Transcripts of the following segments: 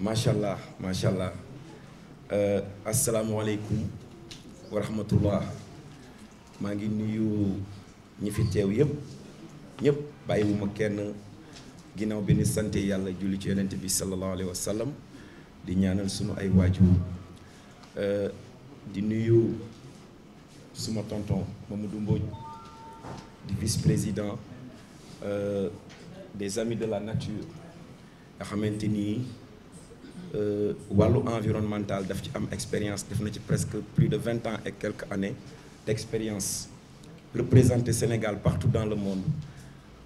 macha allah macha allah euh, asalaamualeykum wa rahmatullah maa ngi nuyu ñi fi teew yëpp ñëpp bàyyiwuma kenn ginnaaw bi sante yàlla julli ci yonent bi sallallahu alayhi wa sallam di ñaanal sunu ay waajur euh, di nuyu suma tonton Mamadou Mbodj di vice-président euh, des amis de la nature nga xamante nii Euh, wàllu environnemental daf ci am expérience def na ci presque plus de vingt ans et quelques années d'expérience représenter Sénégal partout dans le monde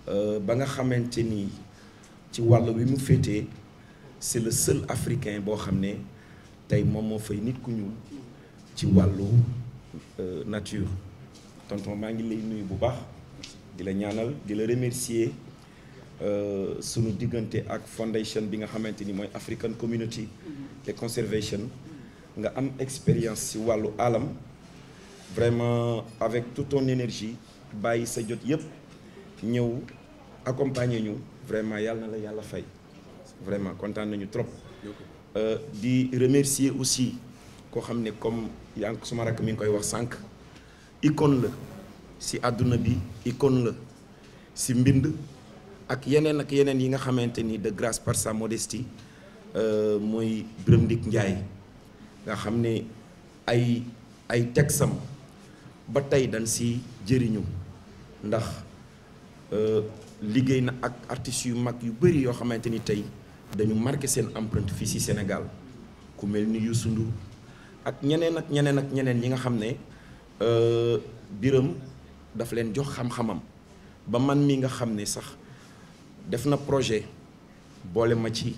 euh, ba nga xamante ni ci wàll wi mu féetee c'est le seul africain boo xam ne tey moom moo fay nit ku ñuul ci wàllu euh, nature tonton maa ngi lay nuyu bu baax di la ñaanal di la remercier Euh, sunu diggante ak fondation bi nga xamante ni mooy African Community mm-hmm. et Conservation nga am expérience si wàllu alam vraiment avec toute ton énergie bàyyi sa jot yëpp ñëw accompagner ñu vraiment yàlla na la yàlla fay vraiment kontaan nañu trop euh, di remercier aussi koo xam ne comme yaa suma rakk mi ngi koy wax sànq icône la si àdduna bi icône la si mbind ak yeneen ak yeneen yi nga xamante ni de grâce par sa modestie euh, mooy Birame Ndick Ndiaye nga xam ne ay ay tegsam ba tey dañ si jëriñu ndax euh, liggéey na ak artistes yu mag yu bëri yoo xamante ni tey dañu marqué seen empreinte fii si Sénégal ku mel ni Youssou Ndour ak ñeneen ak ñeneen ak ñeneen yi nga xam ne euh, biram daf leen jox xam-xamam ba man mi nga xam ne sax def na projet boole ma ci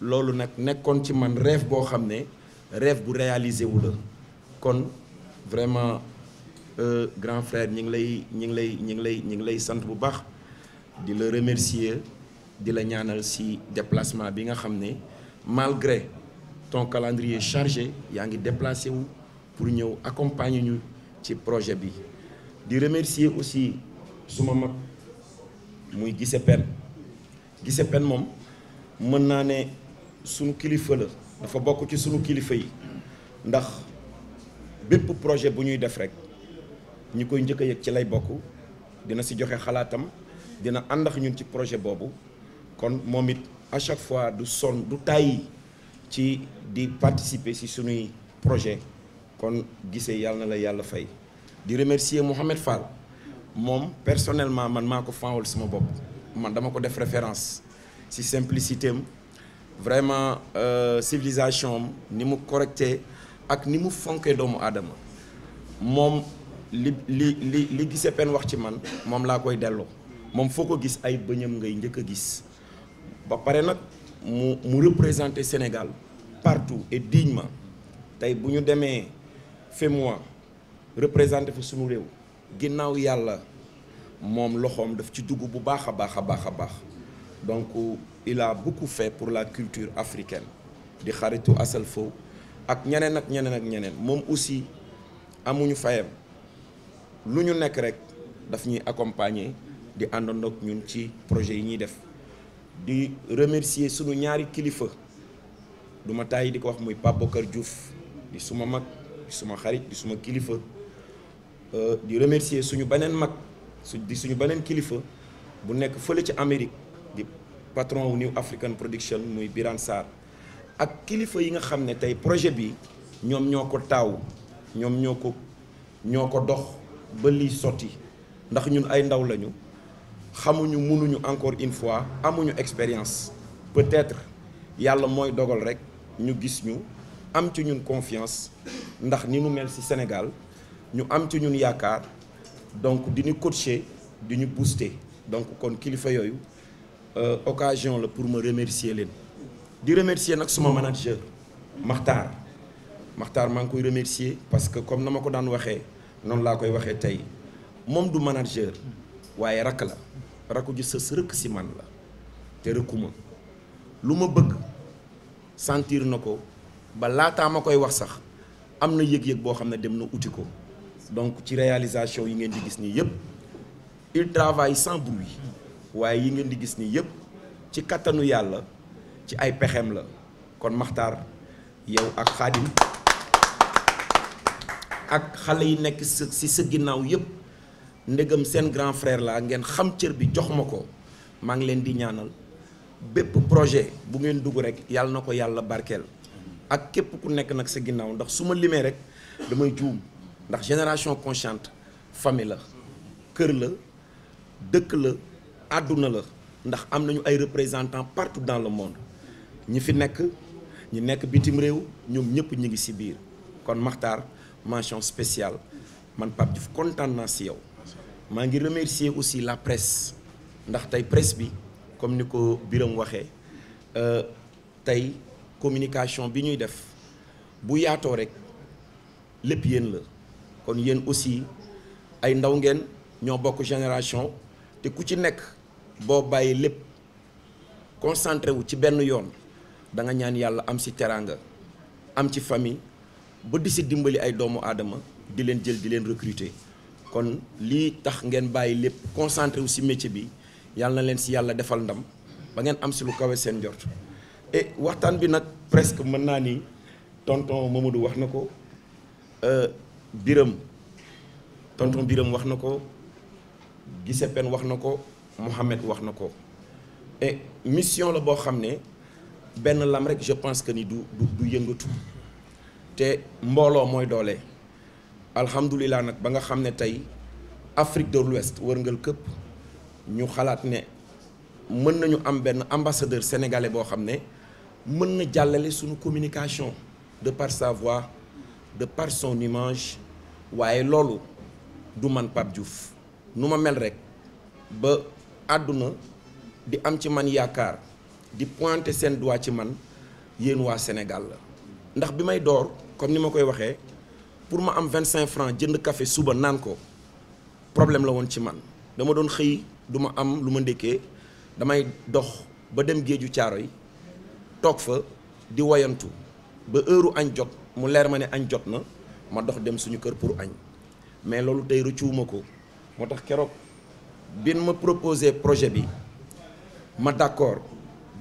loolu nag nekkoon ci man rêve boo xam ne rêve bu réalisé wu la kon vraiment euh, grand frère ñi ngi lay ñi ngi lay ñi ngi lay ñi ngi lay sant bu baax di la remercier di la ñaanal si déplacement bi nga xam ne malgré ton calendrier chargé yaa ngi déplacé wu pour ñëw accompagner ñu ci projet bi di remercier aussi suma mag muy gise pen gise pen moom mën naa ne sunu kilifa la dafa bokk ci sunu kilifa yi ndax bépp projet bu ñuy def rek ñi koy njëkk a yëg ci lay bokk dina si joxe xalaatam dina ànd ak ñun ci projet boobu kon moom it à chaque fois du sonn du tàyyi ci di participer si sunuy projet kon gisee yàlla na la yàlla fay di remercier Mouhamed Fall moom personnellement man maa ko fanwal suma bopp man dama ko def référence ci simplicité am vraiment euh, civilisation am ni mu correcté ak ni mu fonkee doomu aadama moom li li li li gisee pen wax ci man moom laa koy delloo moom foo ko gis ay bëñam ngay njëkk a gis ba pare nag mu mu représenter Sénégal partout et dignement tey bu ñu demee FEMUA représenter fa sunu réew ginnaaw yàlla moom loxoom daf ci dugg bu baax a baax a baax a baax donc il a beaucoup pour la culture africaine di xaritu Asalfo ak ñeneen ak ñeneen ak ñeneen moom aussi amuñu fayam lu ñu nekk rek daf ñuy accompagner di àndandoog ñun ci projet yi ñuy def di remercier sunu ñaari kilifa du ma tàyyi di ko wax muy Pape kër Diouf di suma mag di suma xarit di suma kilifa Euh, di remercier suñu beneen mag su suñu beneen kilifa bu nekk fële ci Amérique di patron wu New African Production muy Birane Sarr ak kilifa yi nga xam ne tey projet bi ñoom ñoo ko taaw ñoom ñoo ko ñoo ko dox ba lii sotti ndax ñun ay ndaw lañu xamuñu mënuñu encore une fois amuñu expérience peut-être yàlla mooy dogal rek ñu gis ñu am ci ñun confiance ndax ni nu mel ci Sénégal ñu am ci ñun yaakaar donc di ñu coacher di ñu booster donc kon kilifa yooyu euh, occasion la pour ma remercier leen di remercier nag su suma manager Maxtaar Maxtaar maa ngi koy remercier parce que comme na ma ko daan waxee noonu laa koy waxee tey moom du manager waaye rakk la rakku ji sës rëkk si man la te rëkkuma lu ma bëgg sentir na ko ba laataa ma koy wax sax am na yëg-yëg boo xam ne dem na uti ko donc ci réalisation yi ngeen di gis nii yëpp il travaille sans bruit waaye yi ngeen di gis nii yëpp ci kattanu yàlla ci ay pexem la kon maxtar yow ak Xaadim ak xale yi nekk si sa ginnaaw yëpp ndegam seen grand frère laa ngeen xam cër bi jox ma ko maa ngi leen di ñaanal bépp projet bu ngeen dugg rek yàlla na ko yàlla barkeel ak képp ku nekk nag sa ginnaaw ndax su ma limee rek damay juum. ndax génération consciente famille la kër la dëkk la àdduna la ndax am nañu ay représentants partout dans le monde ñi fi nekk ñi nekk bitim réew ñoom ñëpp ñi ngi ci biir kon Makhtar mention spéciale man Pape Diouf kontaan naa ci yow maa ngi remercier aussi la presse ndax tey presse bi comme ni ko Biram waxee euh, tey communication bi ñuy def bu yaatoo rek lépp yéen la kon yéen aussi ay ndaw ngeen ñoo bokk génération te ku ci nekk boo bàyyi lépp concentré wu ci benn yoon da nga ñaan yàlla am si teraanga am ci famille ba di si dimbali ay doomu aadama di leen jël di leen recruter kon li tax ngeen bàyyi lépp concentré wu si métier bi yàlla na leen si yàlla defal ndam ba ngeen am si lu kawe seen njort waxtaan bi nag presque mën naa ni tonton Mamadou wax na ko. Euh, biram tonton biram wax na ko gisepen wax na ko Mouhamed wax na ko et mission la boo xam ne benn lam rek je pense que ni du du yëngatu te mbooloo mooy doole alhamdulilah nag ba nga xam ne tey Afrique de l'Ouest wërngal këpp ñu xalaat ne mën nañu am benn ambassadeur sénégalais boo xam ne mën na jàllale suñu communication de par sa de par son waaye loolu du man Pape Diouf nu ma mel rek ba àdduna di am ci man yaakaar di pointer seen doigt ci man yéen waa Sénégal la ndax bi may door comme ni ma koy waxee pour ma am vingt cinq francs jënd kafe suba naan ko problème la woon ci man dama doon xëy du ma am lu ma ndékkee damay dox ba dem géeju caaro yi toog fa di woyantu ba heure añ jot mu leer ma ne añ jot na ma dox dem suñu kër pour añ mais loolu tey rëccuwuma ko moo tax keroog bin ma proposé projet bi ma d'accord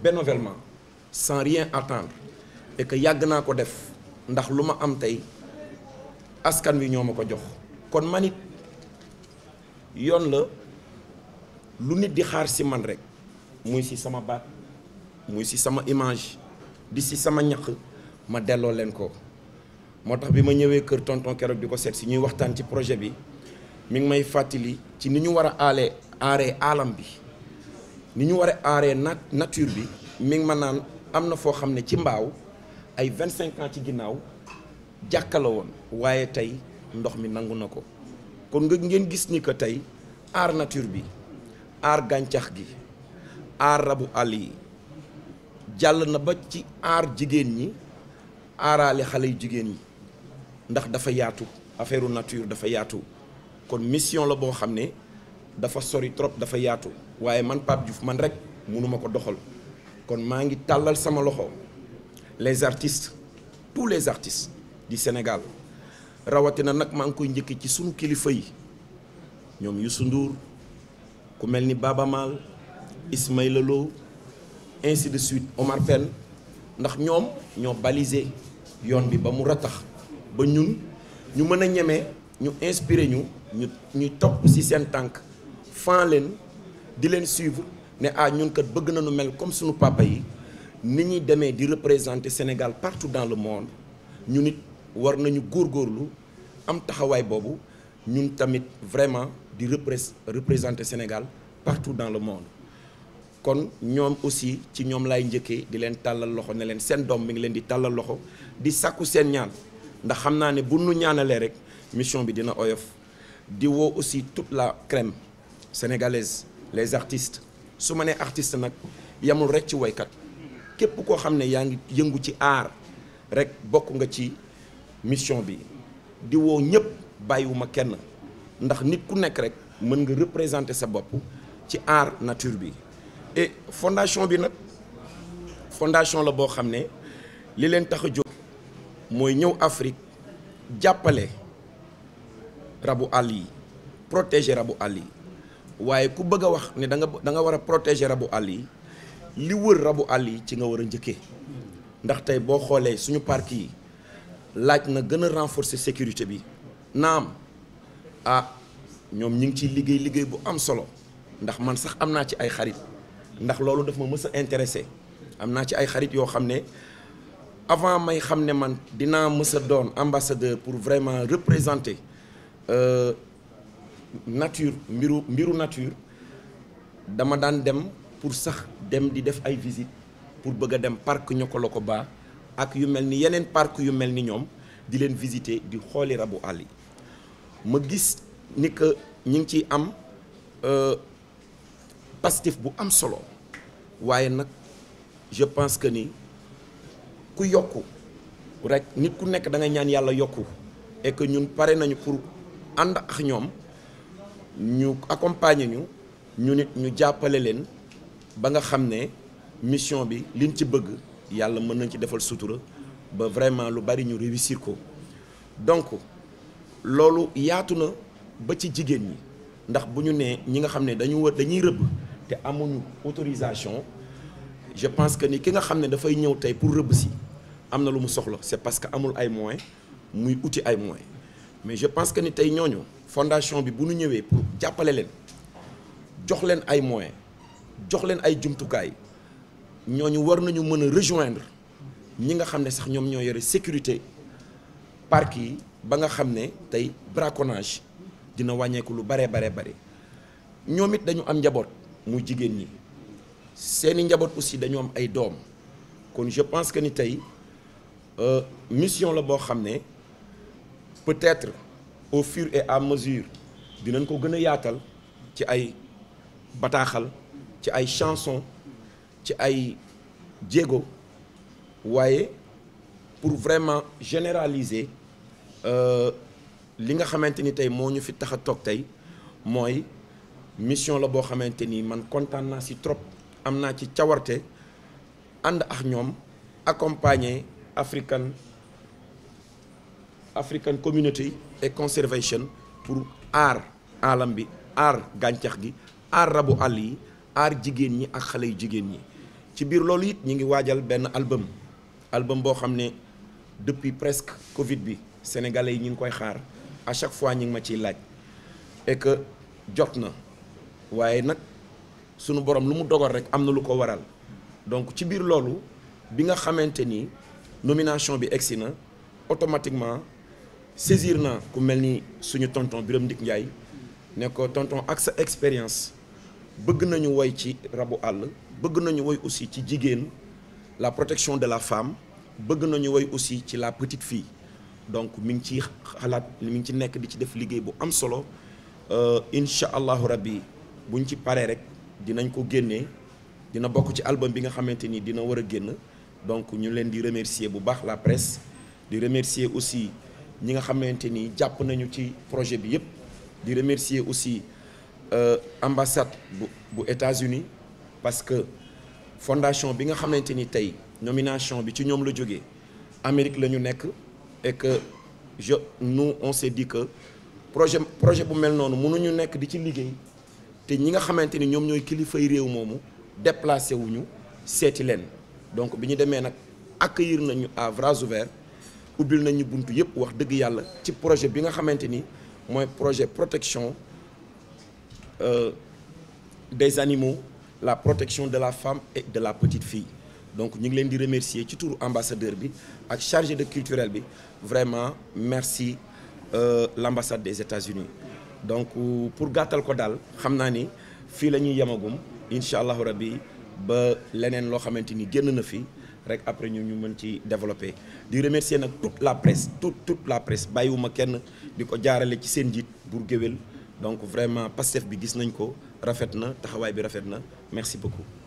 bénévolement sans rien attendre et que yàgg naa ko def ndax lu ma am tey askan wi ñoo ma ko jox kon man it yoon la lu nit di xaar ci man rek muy si sama baat muy si sama image di si sama ñaq ma delloo leen ko moo tax bi ma ñëwee kër tonton keroog di ko seet si ñuy waxtaan ci projet bi mi ngi may fàttali ci ni ñu war a aalee aaree aalam bi ni ñu war a aaree nat nature bi mi ngi ma naan am na foo xam ne ci mbaaw ay vingt cinq ans ci ginnaaw jàkkala woon waaye tey ndox mi nangu na ko kon nga ngeen gis ni que tey aar nature bi aar gàncax gi aar rabu àll yi jàll na ba ci aar jigéen ñi aarale xale yu jigéen ñi ndax dafa yaatu affaire nature dafa yaatu kon mission la boo xam ne dafa sori trop dafa yaatu waaye man Pape Diouf man rek mënuma ko doxal kon maa ngi tàllal sama loxo les artistes tous les artistes di Sénégal rawatina nag maa ngi koy njëkk ci sunu kilifa yi ñoom Youssou Ndour ku mel ni Baba Maal Ismaïla Lo ainsi de suite Omar Pène ndax ñoom ñoo balisé yoon bi ba mu rattax ba ñun ñu mën a ñemee ñu inspiré ñu ñu ñu topp si seen tànk fan leen di leen suivre ne ah ñun kat bëgg nañu mel comme suñu papa yi ni ñuy demee di représenter Sénégal partout dans le monde ñu it war nañu góor góorlu am taxawaay boobu ñun tamit vraiment di représ représenter Sénégal partout dans le monde kon ñoom aussi ci ñoom lay njëkkee di leen tàllal loxo ne leen seen doom mi ngi leen di tàllal loxo di sàkku seen ñaan ndax xam naa ne bu nu ñaanalee rek mission bi dina oyof di woo aussi tout la crème sénégalaise les artistes su ma nee artiste nag yamul rek ci woykat képp koo xam ne yaa ngi yëngu ci aar rek bokk nga ci mission bi di woo ñëpp bàyyiwuma kenn ndax nit ku nekk rek mën nga représenter sa bopp ci aar nature bi et fondation bi nag fondation la boo xam ne li leen tax a jóg mooy ñëw Afrique jàppale rabu àll yi protégé rabu àll yi waaye ku bëgg a wax ne da nga da nga war a protéger rabu àll yi li wër rabu àll yi ci nga war a njëkkee ndax tey boo xoolee suñu parc yi laaj na gën a renforcer sécurité bi naam ah ñoom ñu ngi ciy liggéey liggéey bu am solo ndax man sax am naa ci ay xarit ndax loolu daf ma mës a intéressé am naa ci ay xarit yoo xam ne. avant may xam ne man dinaa mës doon ambassadeur pour vraiment représenter euh, nature mbiru mbiru nature dama daan dem pour sax dem di def ay visite pour bëgg a dem ko la ko baax ak yu mel ni yeneen parc yu mel ni ñoom di leen visiter di xooli rabu àll yi ma gis ni que ñu ngi ciy am euh, pastif bu am solo waaye nag je pense que ni. ku yokku rek nit ku nekk da ngay ñaan yàlla yokku et que ñun pare nañu pour ànd ak ñoom ñu accompagner ñu ñu nit ñu jàppale leen ba nga xam ne mission bi liñ ci bëgg yàlla mën nañ ci defal sutura ba vraiment lu bari ñu réussir ko donc loolu yaatu na ba ci jigéen ñi ndax bu ñu nee ñi nga xam ne dañu wër dañuy rëbb te amuñu autorisation je pense que ni ki nga xam ne dafay ñëw tey pour rëbb si am na lu mu soxla c'est parce que amul ay moyens muy uti ay moyen mais je pense que ni tey ñooñu fondation bi bu ñu ñëwee pour jàppale leen jox leen ay moyens jox leen ay jumtukaay ñooñu war nañu mën a rejoindre ñi nga xam ne sax ñoom ñoo yore sécurité parc yi ba nga xam ne tey braconnage dina wàññeeku lu bare bare bare ñoom it dañu am njaboot muy jigéen ñi. seeni njaboot aussi dañu am ay doom kon je pense que ni tey euh, mission la boo xam ne peut-être au fur et à mesure dinañ ko gën a yaatal ci ay bataaxal ci ay chanson ci ay jéego waaye pour vraiment généraliser euh, li nga xamante ni tey moo ñu fi tax a toog tey mooy mission la boo xamante ni man kontaan naa si trop am naa ci cawarte ànd ak ñoom accompagner African African Community et Conservation pour aar alam bi aar gàncax gi aar rabu àll yi aar jigéen ñi ak xale yu jigéen ñi ci biir loolu it ñi ngi waajal benn album album boo xam ne depuis presque Covid bi sénégalais yi ñu ngi koy xaar à chaque fois ñu ngi ma ciy laaj et que jot na waaye nag. sunu borom lu mu dogal rek am na lu ko waral donc ci biir loolu bi nga xamante ni nomination bi egsi na automatiquement saisir na ku mel ni suñu tonton Birame Ndik Ndiaye ne ko tonton ak sa expérience bëgg nañu woy ci rabu àll bëgg nañu woy aussi ci jigéen la protection de la femme bëgg nañu woy aussi ci la petite fii donc mu ngi ci xalaat mi ngi ci nekk di ci def liggéey bu am solo euh, incha allahu rabbi buñ ci paree rek. dinañ ko génnee dina bokk ci album bi nga xamante nii dina war a génn donc ñu leen di remercier bu baax la presse di remercier aussi ñi nga xamante ni jàpp nañu ci projet bi yëpp di remercier aussi euh, ambassade bu bu États-Unis parce que fondation bi nga xamante ni tey nomination bi ci ñoom la jógee Amérique la ñu nekk et que je nous on s'est dit que projet projet bu mel noonu mënuñu nekk di ci liggéey. te ñi nga xamante ni ñoom ñooy kilifay réew moomu déplacé wuñu seeti leen donc bi ñu demee nag ak accueillir nañu à bras ouverts ubbil nañu buntu yëpp wax dëgg yàlla ci projet bi nga xamante ni mooy projet protection euh, des animaux la protection de la femme et de la petite fille donc ñu ngi leen di remercier ci turu ambassadeur bi ak chargé de culturel bi vraiment merci euh, l'ambassade des États-Unis donc pour gàttal ko daal xam naa ni fii la ñuy yemagum incha allahu rabbi ba leneen loo xamante ni génn na fi rek après ñu ñu mën ci développer di remercier nag toute la presse toute tout la presse bàyyiwuma kenn di ko jaarale ci seen njiit Bour géwél donc vraiment Pastef bi gis nañ ko rafet na taxawaay bi rafet na merci beaucoup